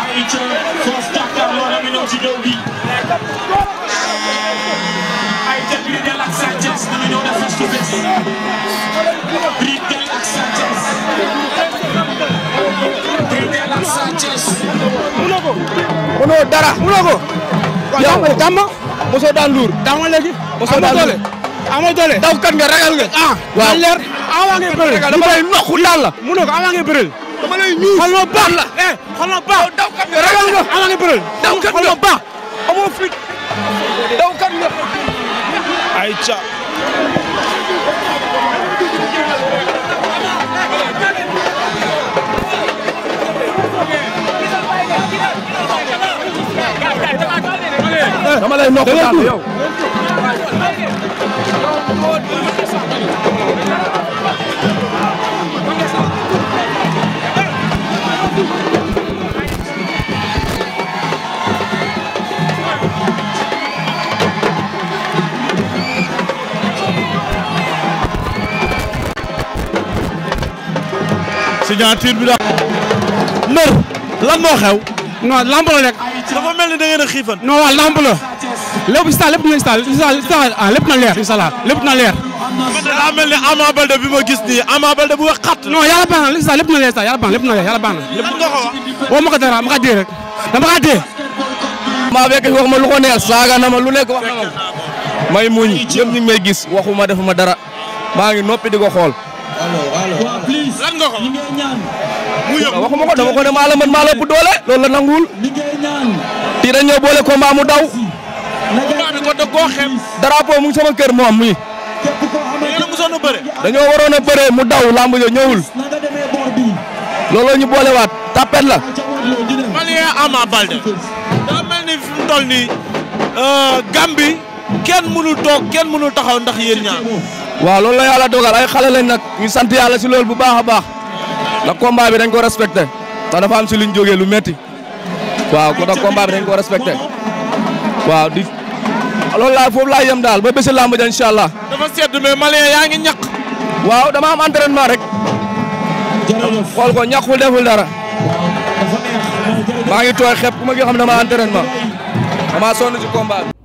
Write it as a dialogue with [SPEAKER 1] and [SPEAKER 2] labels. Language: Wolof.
[SPEAKER 1] ay ca Fass jàkkaarloo la mi ñëw ci ñëw bi ay ca Bridel ak ko mënoo dara mënoo mosoo daan luur tàmm léegi amoo doole daw kat nga ragal nga ah waaw leer avant ngay bëreel li bay noqu dama lay ñuus xol la ma baax eh, ragal nga daw kat nga lay nokk signature bi daal. mbër lan moo xew. non lamb la rek. dafa mel ni da ngeen a xiifan. non waaw la. lépp si taal lépp dina si ah, na leer incha allah lépp na leer. man de daa mel gis nii Ama Baldé bu wax xat. non na leer si yàlla baax na na leer yàlla baax na. woo ma ko dara ma ka dee
[SPEAKER 2] rek dama ka dee. maa fekk wax ma lu ko neex saaga na ma lu nekk wax na ma may muñ ñëpp ñu may gis waxuma defuma dara maa ngi noppi di ko xool.
[SPEAKER 1] lan nga ko mu yëngu waxuma ko dama ko ne maa la mën maa la doole
[SPEAKER 2] loolu la nanguwul tii dañ ñëw boole mu daw combat bi ko da mu sama kër moom mi dañoo waroon a bëre mu daw lamb jo ñëwul looloo ñu boolewaat tapet la malien Ama Balde daa ni fi mu toll nii euh, Gambi kenn mënul toog kenn mënul taxaw ndax yéen ñaar waaw loolu la yàlla dogal ay xale lañ nag ñu sant yàlla si loolu bu baax a baax na combat dañ ko respecté ndax dafa am si luñ jógee lu metti waaw kon nag combat dañ ko respecté waaw di loolu laa foofu laa yem daal ba bési làmb ja incha allah. dafa sedd mais malien yaa ngi ñaq. waaw dama am entraînement rek. xool ko ñaqul deful dara. maa ngi tooy xep ku ma gi xam ne dama entraînement. dama sonn ci combat